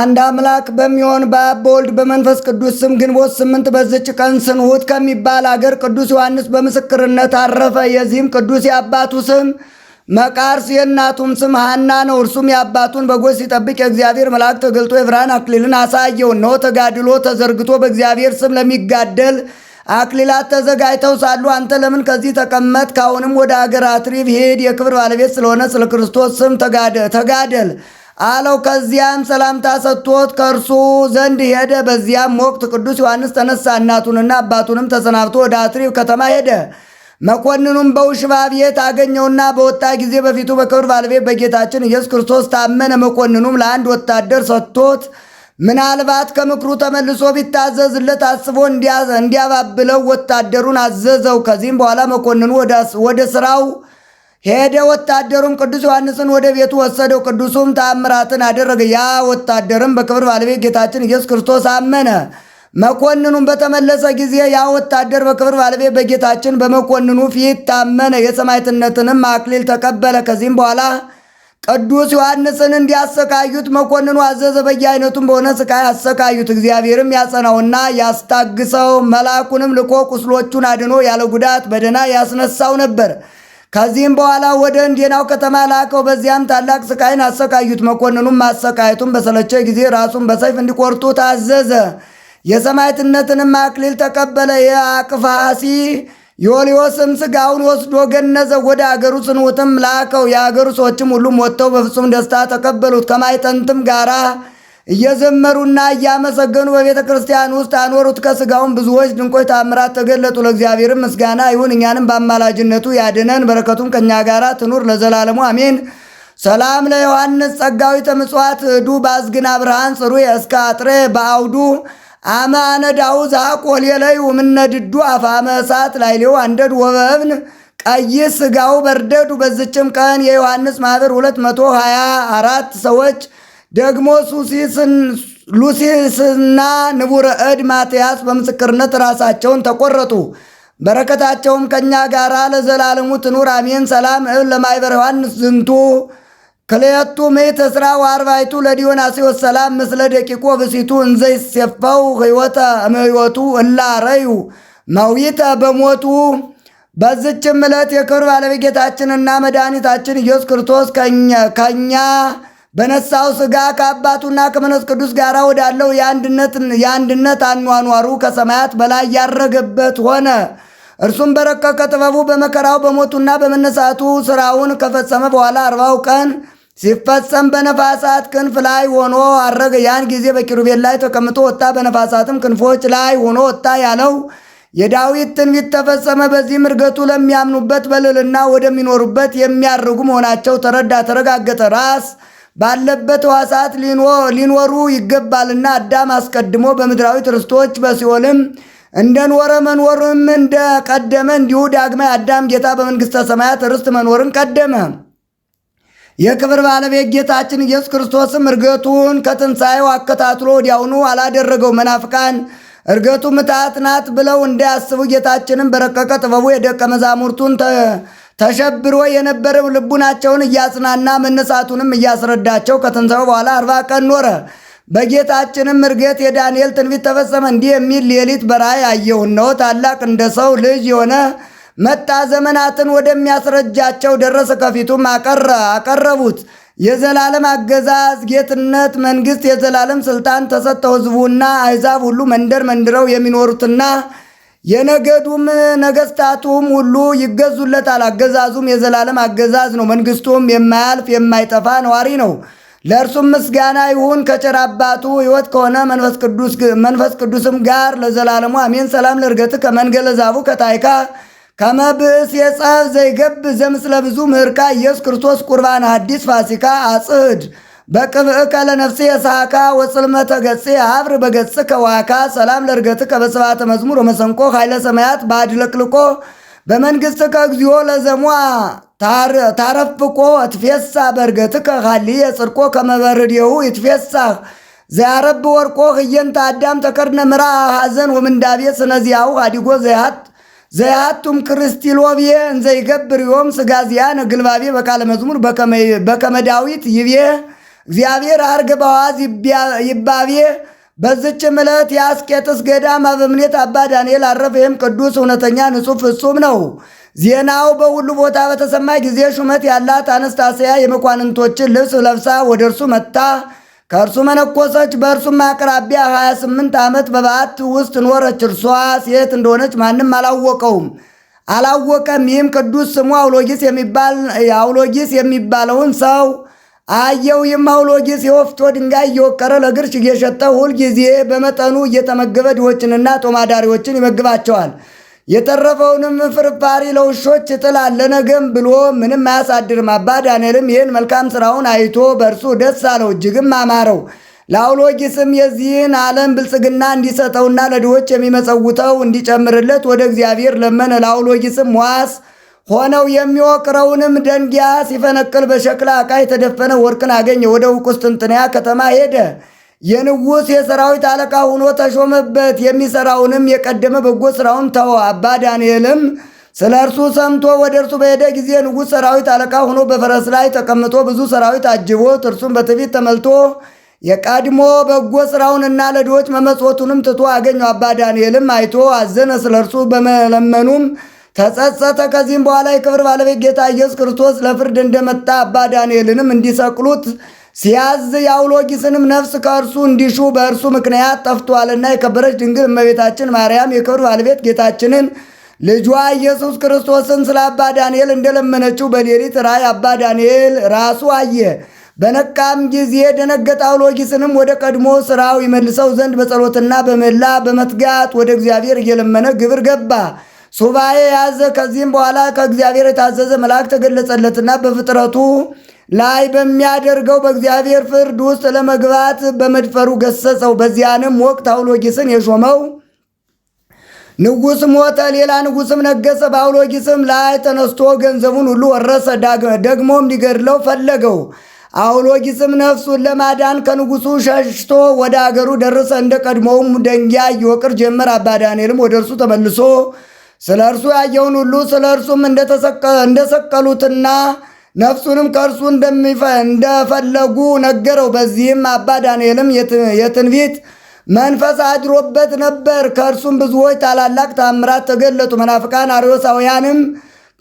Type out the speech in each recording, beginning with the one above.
አንድ አምላክ በሚሆን በአብ በወልድ በመንፈስ ቅዱስ ስም ግንቦት ስምንት በዝች ቀን ስንሁት ከሚባል አገር ቅዱስ ዮሐንስ በምስክርነት አረፈ። የዚህም ቅዱስ የአባቱ ስም መቃርስ የእናቱም ስም ሐና ነው። እርሱም የአባቱን በጎች ሲጠብቅ የእግዚአብሔር መልአክ ተገልጦ የብርሃን አክሊልን አሳየው። እነሆ ተጋድሎ ተዘርግቶ በእግዚአብሔር ስም ለሚጋደል አክሊላት ተዘጋጅተው ሳሉ አንተ ለምን ከዚህ ተቀመጥ? ከአሁንም ወደ አገር አትሪብ ሄድ፣ የክብር ባለቤት ስለሆነ ስለ ክርስቶስ ስም ተጋደል አለው። ከዚያም ሰላምታ ሰጥቶት ከእርሱ ዘንድ ሄደ። በዚያም ወቅት ቅዱስ ዮሐንስ ተነሳ፣ እናቱንና አባቱንም ተሰናብቶ ወደ አትሪብ ከተማ ሄደ። መኮንኑም በውሽባ ቤት አገኘውና በወጣ ጊዜ በፊቱ በክብር ባለቤት በጌታችን ኢየሱስ ክርስቶስ ታመነ። መኮንኑም ለአንድ ወታደር ሰጥቶት ምናልባት ከምክሩ ተመልሶ ቢታዘዝለት አስቦ እንዲያባብለው ወታደሩን አዘዘው። ከዚህም በኋላ መኮንኑ ወደ ስራው ሄደ። ወታደሩም ቅዱስ ዮሐንስን ወደ ቤቱ ወሰደው። ቅዱሱም ታምራትን አደረገ። ያ ወታደርም በክብር ባለቤት ጌታችን ኢየሱስ ክርስቶስ አመነ። መኮንኑም በተመለሰ ጊዜ ያ ወታደር በክብር ባለቤት በጌታችን በመኮንኑ ፊት ታመነ። የሰማዕትነትንም አክሊል ተቀበለ። ከዚህም በኋላ ቅዱስ ዮሐንስን እንዲያሰቃዩት መኮንኑ አዘዘ። በየአይነቱም በሆነ ስቃይ አሰቃዩት። እግዚአብሔርም ያጸናውና ያስታግሰው፣ መልአኩንም ልኮ ቁስሎቹን አድኖ ያለ ጉዳት በደህና ያስነሳው ነበር። ከዚህም በኋላ ወደ እንዴናው ከተማ ላከው። በዚያም ታላቅ ስቃይን አሰቃዩት። መኮንኑም ማሰቃየቱን በሰለቸ ጊዜ ራሱን በሰይፍ እንዲቆርጡ ታዘዘ። የሰማዕትነትንም አክሊል ተቀበለ። የአቅፋሲ ዮልዮስም ስጋውን ወስዶ ገነዘ። ወደ አገሩ ስንውትም ላከው። የአገሩ ሰዎችም ሁሉም ወጥተው በፍጹም ደስታ ተቀበሉት ከማይጠንትም ጋራ እየዘመሩና እያመሰገኑ በቤተ ክርስቲያን ውስጥ አኖሩት። ከስጋውም ብዙዎች ድንቆች ታምራት ተገለጡ። ለእግዚአብሔርም ምስጋና ይሁን፣ እኛንም በአማላጅነቱ ያድነን፣ በረከቱም ከእኛ ጋር ትኑር ለዘላለሙ አሜን። ሰላም ለዮሐንስ ጸጋዊ ተምጽዋት እዱ በአዝግና ብርሃን ጽሩ እስከ አጥሬ በአውዱ አማነ አነ ዳው ዛቆ ሌለዩ ምነድዱ አፋመ እሳት ላይሌው አንደድ ወበብን ቀይ ስጋው በርደዱ። በዝችም ቀን የዮሐንስ ማህበር 224 ሰዎች ደግሞ ሉሲስና ንቡረ እድ ማትያስ በምስክርነት ራሳቸውን ተቆረጡ። በረከታቸውም ከእኛ ጋር ለዘላለሙ ትኑር አሜን። ሰላም እብ ለማይበር ዮሐንስ ዝንቱ ክልኤቱ ምዕተ እስራ ወአርባዕቱ ለዲዮናስዮስ ሰላም ምስለ ደቂቆ ብእሲቱ እንዘ ይሴፈው ሕይወተ እምሕይወቱ እላ በሞቱ በዝችም ዕለት የክብር ባለቤት ጌታችንና መድኃኒታችን ኢየሱስ ክርስቶስ ከኛ በነሳው ስጋ ከአባቱና ከመንፈስ ቅዱስ ጋር ወዳለው የአንድነት የአንድነት አኗኗሩ ከሰማያት በላይ ያረገበት ሆነ። እርሱም በረቀቀ ጥበቡ በመከራው በሞቱና በመነሳቱ ስራውን ከፈጸመ በኋላ አርባው ቀን ሲፈጸም በነፋሳት ክንፍ ላይ ሆኖ አረገ። ያን ጊዜ በኪሩቤል ላይ ተቀምጦ ወጣ፣ በነፋሳትም ክንፎች ላይ ሆኖ ወጣ ያለው የዳዊት ትንቢት ተፈጸመ። በዚህም እርገቱ ለሚያምኑበት በልልና ወደሚኖሩበት የሚያርጉ መሆናቸው ተረዳ፣ ተረጋገጠ ራስ ባለበት ሕዋሳት ሊኖሩ ይገባልና አዳም አስቀድሞ በምድራዊት ርስቶች በሲኦልም እንደኖረ መኖርም እንደቀደመ እንዲሁ ዳግማ አዳም ጌታ በመንግሥተ ሰማያት ርስት መኖርን ቀደመ። የክብር ባለቤት ጌታችን ኢየሱስ ክርስቶስም እርገቱን ከትንሣኤው አከታትሎ ወዲያውኑ አላደረገው። መናፍቃን እርገቱ ምታት ናት ብለው እንዳያስቡ ጌታችንም በረቀቀ ጥበቡ የደቀ መዛሙርቱን ተሸብሮ የነበረው ልቡናቸውን እያጽናና መነሳቱንም እያስረዳቸው ከትንሣኤ በኋላ አርባ ቀን ኖረ። በጌታችንም እርገት የዳንኤል ትንቢት ተፈጸመ። እንዲህ የሚል ሌሊት በራእይ አየሁ፣ እነሆ ታላቅ እንደ ሰው ልጅ የሆነ መጣ፣ ዘመናትን ወደሚያስረጃቸው ደረሰ። ከፊቱም አቀረ አቀረቡት የዘላለም አገዛዝ ጌትነት መንግስት የዘላለም ስልጣን ተሰጠው። ሕዝቡና አሕዛብ ሁሉ መንደር መንድረው የሚኖሩትና የነገዱም ነገስታቱም ሁሉ ይገዙለታል። አገዛዙም የዘላለም አገዛዝ ነው። መንግስቱም የማያልፍ የማይጠፋ ነዋሪ ነው። ለእርሱም ምስጋና ይሁን ከጭር አባቱ ሕይወት ከሆነ መንፈስ ቅዱስም ጋር ለዘላለሙ አሜን። ሰላም ለእርገት ከመንገለ ዛቡ ከታይካ ከመብስ የጸብ ዘይገብ ዘምስለ ብዙ ምህርካ ኢየሱስ ክርስቶስ ቁርባን አዲስ ፋሲካ አጽህድ በቅብዕከ ለነፍሴ የሳካ ወጽልመተ ገጽ ሀብር በገጽ ከዋካ ሰላም ለርገት ከበስባተ መዝሙር ወመሰንቆ ኃይለ ሰማያት በአድለቅልቆ በመንግሥት ከእግዚኦ ለዘሟ ታረፍቆ እትፌሳ በርገት ከኻሊ የጽርቆ ከመበርዴው ይትፌሳ ዘያረብ ወርቆ ህየንተ አዳም ተከርነ ምራ ሐዘን ወምንዳቤ ስነዚያው አዲጎ ዘያት ዘያቱም ክርስቲሎብዬ እንዘይገብር ዮም ስጋዚያ ነግልባቤ በቃለ መዝሙር በከመ ዳዊት ይቤ እግዚአብሔር አርግ በዋዝ ይባቤ። በዝችም ዕለት የአስቄጥስ ገዳም አበምኔት አባ ዳንኤል አረፈ። ይህም ቅዱስ እውነተኛ ንጹሕ ፍጹም ነው። ዜናው በሁሉ ቦታ በተሰማ ጊዜ ሹመት ያላት አነስታስያ የመኳንንቶችን ልብስ ለብሳ ወደ እርሱ መጥታ ከእርሱ መነኮሰች። በእርሱም አቅራቢያ 28 ዓመት በበዓት ውስጥ ኖረች። እርሷ ሴት እንደሆነች ማንም አላወቀውም አላወቀም። ይህም ቅዱስ ስሙ አውሎጊስ የሚባለውን ሰው አየው የማውሎ ጊዜ ወፍቶ ድንጋይ እየወቀረ ለግርሽ እየሸጠ ሁልጊዜ በመጠኑ እየተመገበ ድሆችንና ጦማዳሪዎችን ይመግባቸዋል። የተረፈውንም ፍርፋሪ ለውሾች ይጥላል፣ ለነገም ብሎ ምንም አያሳድርም። አባ ዳንኤልም ይህን መልካም ስራውን አይቶ በእርሱ ደስ አለው፣ እጅግም አማረው። ለአውሎጊስም የዚህን ዓለም ብልጽግና እንዲሰጠውና ለድሆች የሚመጸውተው እንዲጨምርለት ወደ እግዚአብሔር ለመነ። ለአውሎጊስም ዋስ ሆነው የሚወቅረውንም ደንጊያ ሲፈነቅል በሸክላ ዕቃ የተደፈነ ወርቅን አገኘ። ወደ ቁስጥንጥንያ ከተማ ሄደ። የንጉሥ የሰራዊት አለቃ ሆኖ ተሾመበት። የሚሰራውንም የቀደመ በጎ ስራውን ተወ። አባ ዳንኤልም ስለ እርሱ ሰምቶ ወደ እርሱ በሄደ ጊዜ ንጉሥ ሰራዊት አለቃ ሆኖ በፈረስ ላይ ተቀምጦ ብዙ ሰራዊት አጅቦት፣ እርሱም በትዕቢት ተመልቶ የቀድሞ በጎ ስራውንና ለድሆች መመጽወቱንም ትቶ አገኘው። አባ ዳንኤልም አይቶ አዘነ። ስለ እርሱ በመለመኑም ተጸጸተ። ከዚህም በኋላ የክብር ባለቤት ጌታ ኢየሱስ ክርስቶስ ለፍርድ እንደመጣ አባ ዳንኤልንም እንዲሰቅሉት ሲያዝ የአውሎጊስንም ነፍስ ከእርሱ እንዲሹ በእርሱ ምክንያት ጠፍቷልና የከበረች ድንግል እመቤታችን ማርያም የክብር ባለቤት ጌታችንን ልጇ ኢየሱስ ክርስቶስን ስለ አባ ዳንኤል እንደለመነችው በሌሊት ራእይ አባ ዳንኤል ራሱ አየ። በነቃም ጊዜ ደነገጠ። አውሎጊስንም ወደ ቀድሞ ስራው ይመልሰው ዘንድ በጸሎትና በመላ በመትጋት ወደ እግዚአብሔር እየለመነ ግብር ገባ። ሱባኤ ያዘ። ከዚህም በኋላ ከእግዚአብሔር የታዘዘ መልአክ ተገለጸለትና በፍጥረቱ ላይ በሚያደርገው በእግዚአብሔር ፍርድ ውስጥ ለመግባት በመድፈሩ ገሰጸው። በዚያንም ወቅት አውሎጊስን የሾመው ንጉስ ሞተ፣ ሌላ ንጉስም ነገሰ። በአውሎጊስም ላይ ተነስቶ ገንዘቡን ሁሉ ወረሰ። ደግሞም ሊገድለው ፈለገው። አውሎጊስም ነፍሱን ለማዳን ከንጉሱ ሸሽቶ ወደ አገሩ ደረሰ። እንደ ቀድሞውም ደንጊያ ይወቅር ጀመር። አባ ዳንኤልም ወደ እርሱ ተመልሶ ስለ እርሱ ያየውን ሁሉ ስለ እርሱም እንደሰቀሉትና ነፍሱንም ከእርሱ እንደፈለጉ ነገረው። በዚህም አባ ዳንኤልም የትንቢት መንፈስ አድሮበት ነበር። ከእርሱም ብዙዎች ታላላቅ ታምራት ተገለጡ። መናፍቃን አርዮሳውያንም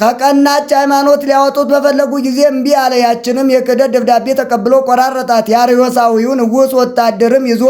ከቀናች ሃይማኖት ሊያወጡት በፈለጉ ጊዜ እምቢ አለ። ያችንም የክህደት ደብዳቤ ተቀብሎ ቆራረጣት። የአርዮሳዊው ንጉሥ ወታደርም ይዞ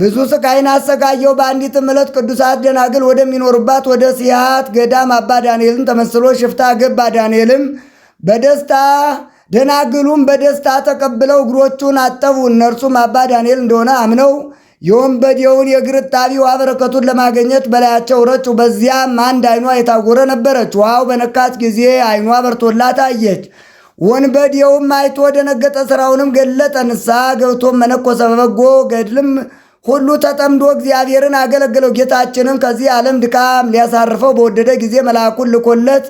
ብዙ ስቃይን አሰቃየው። በአንዲትም ዕለት ቅዱሳት ደናግል ወደሚኖሩባት ወደ ሲያት ገዳም አባ ዳንኤልን ተመስሎ ሽፍታ ገባ። ዳንኤልም በደስታ ደናግሉም በደስታ ተቀብለው እግሮቹን አጠቡ። እነርሱም አባ ዳንኤል እንደሆነ አምነው የወንበዴውን የእግር እጣቢ ውሃ በረከቱን ለማገኘት በላያቸው ረጩ። በዚያም አንድ አይኗ የታወረ ነበረች። ውሃው በነካት ጊዜ አይኗ በርቶላት አየች። ወንበዴውም አይቶ ደነገጠ፣ ስራውንም ገለጠ። ንስሐ ገብቶም መነኮሰ። በበጎ ገድልም ሁሉ ተጠምዶ እግዚአብሔርን አገለገለው። ጌታችንም ከዚህ ዓለም ድካም ሊያሳርፈው በወደደ ጊዜ መልአኩን ልኮለት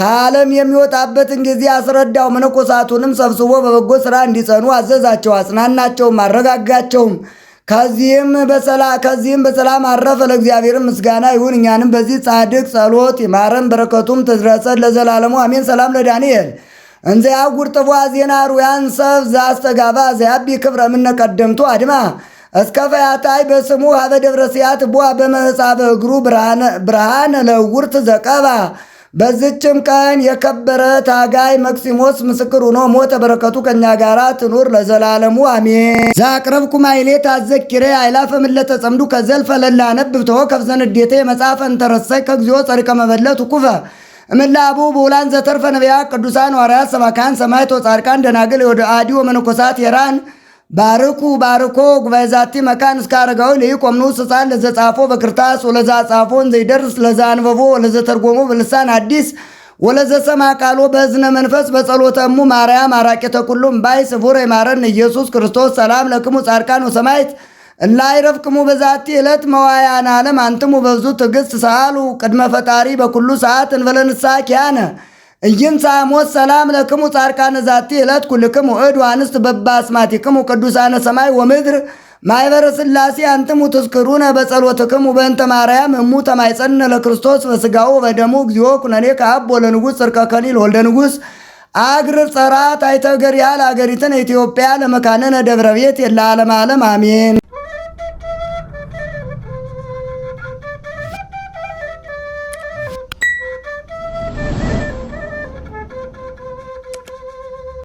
ከዓለም የሚወጣበትን ጊዜ አስረዳው። መነኮሳቱንም ሰብስቦ በበጎ ሥራ እንዲጸኑ አዘዛቸው። አጽናናቸውም፣ አረጋጋቸውም። ከዚህም በሰላም አረፈ። ለእግዚአብሔር ምስጋና ይሁን። እኛንም በዚህ ጻድቅ ጸሎት ይማረን፣ በረከቱም ትድረሰን ለዘላለሙ አሜን። ሰላም ለዳንኤል እንዘ ያጉር ጥቧ ዜና ሩያን ሰብ ዘአስተጋባ ዘያቢ ክብረ ምነቀደምቱ አድማ እስከ ፈያታይ በስሙ ሀበ ደብረ ሲያት ቦ በመሕፃበ እግሩ ብርሃነ ለውርት ዘቀባ። በዝችም ቀን የከበረ ታጋይ መክሲሞስ ምስክር ሆኖ ሞተ። በረከቱ ከእኛ ጋራ ትኑር ለዘላለሙ አሜን። ዛቅረብኩ ማይሌ አዘኪሬ አይላፈ ምለተ ጸምዱ ከዘልፈ ለላነብብ ተወ ከብዘንዴቴ መጽሐፈ እንተረሰይ ከግዚኦ ጸሪቀ መበለት ኩፈ እምላቡ በውላን ዘተርፈ ነቢያ ቅዱሳን ዋርያት ሰባካን ሰማይቶ ጻድቃን ደናግል ወደ አዲዮ ወመነኮሳት የራን ባርኩ ባርኮ ጉባኤዛቲ መካን እስከ አረጋዊ ለይቆምኑ ስፃን ለዘጻፎ በክርታስ ወለዛ ጻፎን ዘይደርስ ለዛ አንበቦ ወለዘ ተርጎሞ በልሳን አዲስ ወለዘ ሰማ ቃሎ በእዝነ መንፈስ በጸሎተ እሙ ማርያም አራቂ ተኩሉም ባይ ስፉር የማረን ኢየሱስ ክርስቶስ ሰላም ለክሙ ጻድቃን ወሰማይት እላይረፍቅሙ በዛቲ ዕለት መዋያን ዓለም አንትሙ በብዙ ትዕግስት ሰአሉ ቅድመ ፈጣሪ በኩሉ ሰዓት እንበለንሳ ኪያነ ኢይምጻእሞት ሰላም ለክሙ ጻድቃነ ዛቲ ዕለት ኩልክሙ እድ አንስት በባስማቲክሙ ቅዱሳነ ሰማይ ወምድር ማኅበረ ሥላሴ አንትሙ ትዝክሩነ በጸሎትክሙ በእንተ ማርያም እሙ ተማይጸነ ለክርስቶስ በስጋው በደሙ እግዚኦ ኩነኔ ከአብ ወለንጉሥ ጽርቀ ከሊል ወልደ ንጉሥ አግርብ ጸራት ታይተገር ያህል አገሪትን ኢትዮጵያ ለመካነነ ደብረ ቤት የለ ዓለም ዓለም አሜን።